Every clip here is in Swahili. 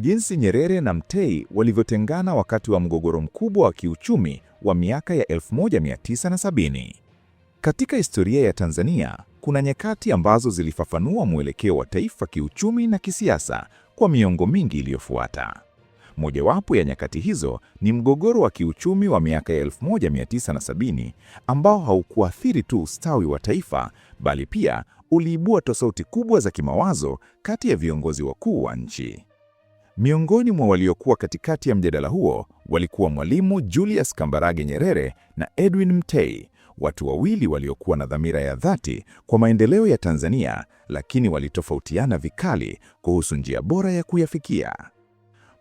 jinsi Nyerere na Mtei walivyotengana wakati wa mgogoro mkubwa wa kiuchumi wa miaka ya 1970. Katika historia ya Tanzania kuna nyakati ambazo zilifafanua mwelekeo wa taifa kiuchumi na kisiasa kwa miongo mingi iliyofuata. Mojawapo ya nyakati hizo ni mgogoro wa kiuchumi wa miaka ya 1970 ambao haukuathiri tu ustawi wa taifa bali pia uliibua tofauti kubwa za kimawazo kati ya viongozi wakuu wa nchi. Miongoni mwa waliokuwa katikati ya mjadala huo walikuwa Mwalimu Julius Kambarage Nyerere na Edwin Mtei, watu wawili waliokuwa na dhamira ya dhati kwa maendeleo ya Tanzania, lakini walitofautiana vikali kuhusu njia bora ya kuyafikia.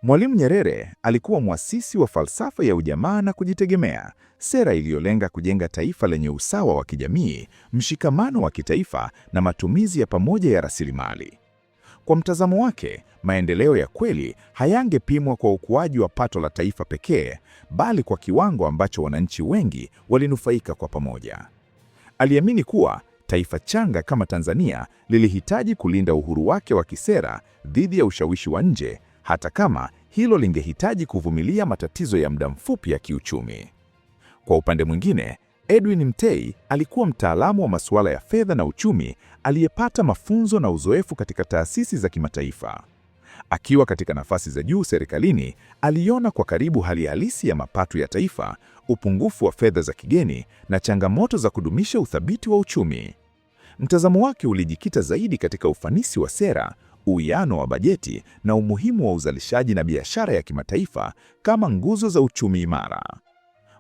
Mwalimu Nyerere alikuwa mwasisi wa falsafa ya ujamaa na kujitegemea, sera iliyolenga kujenga taifa lenye usawa wa kijamii, mshikamano wa kitaifa na matumizi ya pamoja ya rasilimali. Kwa mtazamo wake, maendeleo ya kweli hayangepimwa kwa ukuaji wa pato la taifa pekee, bali kwa kiwango ambacho wananchi wengi walinufaika kwa pamoja. Aliamini kuwa taifa changa kama Tanzania lilihitaji kulinda uhuru wake wa kisera dhidi ya ushawishi wa nje, hata kama hilo lingehitaji kuvumilia matatizo ya muda mfupi ya kiuchumi. Kwa upande mwingine, Edwin Mtei alikuwa mtaalamu wa masuala ya fedha na uchumi aliyepata mafunzo na uzoefu katika taasisi za kimataifa. Akiwa katika nafasi za juu serikalini, aliona kwa karibu hali halisi ya mapato ya taifa, upungufu wa fedha za kigeni na changamoto za kudumisha uthabiti wa uchumi. Mtazamo wake ulijikita zaidi katika ufanisi wa sera, uwiano wa bajeti na umuhimu wa uzalishaji na biashara ya kimataifa kama nguzo za uchumi imara.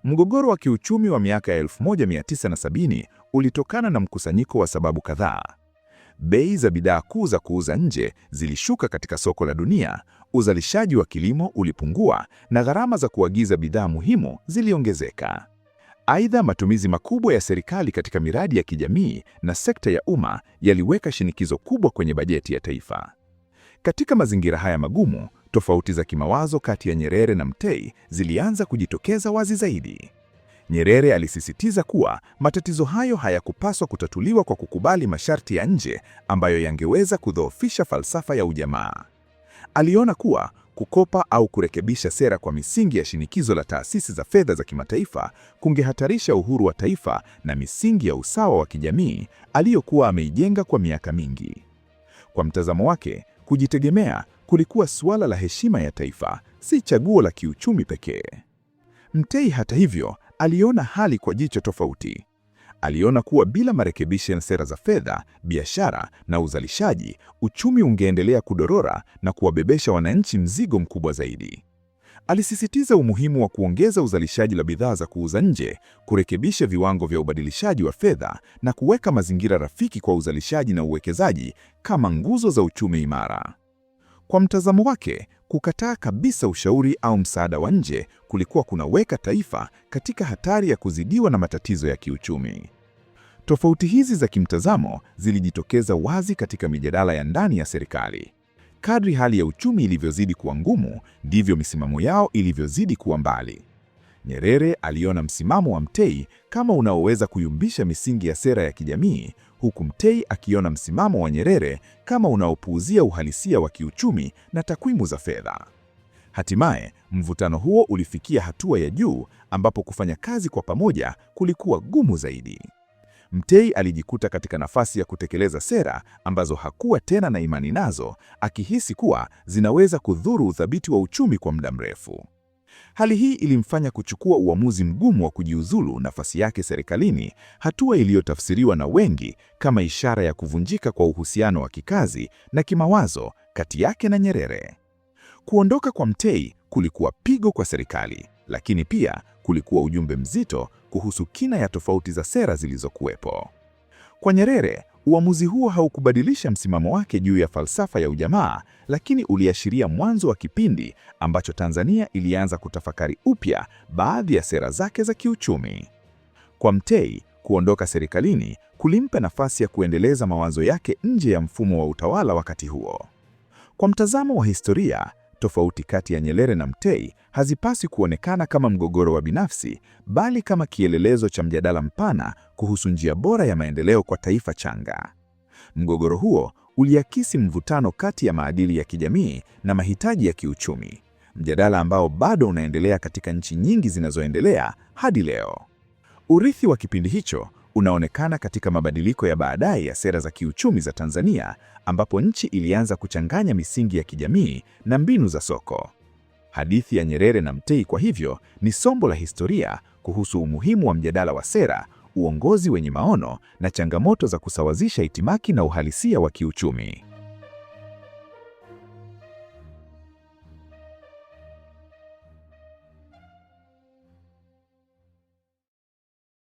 Mgogoro wa kiuchumi wa miaka 1970 ulitokana na mkusanyiko wa sababu kadhaa. Bei za bidhaa kuu za kuuza nje zilishuka katika soko la dunia, uzalishaji wa kilimo ulipungua na gharama za kuagiza bidhaa muhimu ziliongezeka. Aidha, matumizi makubwa ya serikali katika miradi ya kijamii na sekta ya umma yaliweka shinikizo kubwa kwenye bajeti ya taifa. Katika mazingira haya magumu, Tofauti za kimawazo kati ya Nyerere na Mtei zilianza kujitokeza wazi zaidi. Nyerere alisisitiza kuwa matatizo hayo hayakupaswa kutatuliwa kwa kukubali masharti ya nje ambayo yangeweza kudhoofisha falsafa ya ujamaa. Aliona kuwa kukopa au kurekebisha sera kwa misingi ya shinikizo la taasisi za fedha za kimataifa kungehatarisha uhuru wa taifa na misingi ya usawa wa kijamii aliyokuwa ameijenga kwa miaka mingi. Kwa mtazamo wake, kujitegemea kulikuwa suala la heshima ya taifa, si chaguo la kiuchumi pekee. Mtei hata hivyo aliona hali kwa jicho tofauti. Aliona kuwa bila marekebisho ya sera za fedha, biashara na uzalishaji, uchumi ungeendelea kudorora na kuwabebesha wananchi mzigo mkubwa zaidi. Alisisitiza umuhimu wa kuongeza uzalishaji la bidhaa za kuuza nje, kurekebisha viwango vya ubadilishaji wa fedha na kuweka mazingira rafiki kwa uzalishaji na uwekezaji kama nguzo za uchumi imara. Kwa mtazamo wake, kukataa kabisa ushauri au msaada wa nje kulikuwa kunaweka taifa katika hatari ya kuzidiwa na matatizo ya kiuchumi. Tofauti hizi za kimtazamo zilijitokeza wazi katika mijadala ya ndani ya serikali. Kadri hali ya uchumi ilivyozidi kuwa ngumu, ndivyo misimamo yao ilivyozidi kuwa mbali. Nyerere aliona msimamo wa Mtei kama unaoweza kuyumbisha misingi ya sera ya kijamii, huku Mtei akiona msimamo wa Nyerere kama unaopuuzia uhalisia wa kiuchumi na takwimu za fedha. Hatimaye, mvutano huo ulifikia hatua ya juu ambapo kufanya kazi kwa pamoja kulikuwa gumu zaidi. Mtei alijikuta katika nafasi ya kutekeleza sera ambazo hakuwa tena na imani nazo, akihisi kuwa zinaweza kudhuru uthabiti wa uchumi kwa muda mrefu. Hali hii ilimfanya kuchukua uamuzi mgumu wa kujiuzulu nafasi yake serikalini, hatua iliyotafsiriwa na wengi kama ishara ya kuvunjika kwa uhusiano wa kikazi na kimawazo kati yake na Nyerere. Kuondoka kwa Mtei kulikuwa pigo kwa serikali, lakini pia kulikuwa ujumbe mzito kuhusu kina ya tofauti za sera zilizokuwepo. Kwa Nyerere, Uamuzi huo haukubadilisha msimamo wake juu ya falsafa ya ujamaa, lakini uliashiria mwanzo wa kipindi ambacho Tanzania ilianza kutafakari upya baadhi ya sera zake za kiuchumi. Kwa Mtei, kuondoka serikalini kulimpa nafasi ya kuendeleza mawazo yake nje ya mfumo wa utawala wakati huo. Kwa mtazamo wa historia, Tofauti kati ya Nyerere na Mtei hazipasi kuonekana kama mgogoro wa binafsi, bali kama kielelezo cha mjadala mpana kuhusu njia bora ya maendeleo kwa taifa changa. Mgogoro huo uliakisi mvutano kati ya maadili ya kijamii na mahitaji ya kiuchumi, mjadala ambao bado unaendelea katika nchi nyingi zinazoendelea hadi leo. Urithi wa kipindi hicho unaonekana katika mabadiliko ya baadaye ya sera za kiuchumi za Tanzania, ambapo nchi ilianza kuchanganya misingi ya kijamii na mbinu za soko. Hadithi ya Nyerere na Mtei, kwa hivyo, ni somo la historia kuhusu umuhimu wa mjadala wa sera, uongozi wenye maono na changamoto za kusawazisha itimaki na uhalisia wa kiuchumi.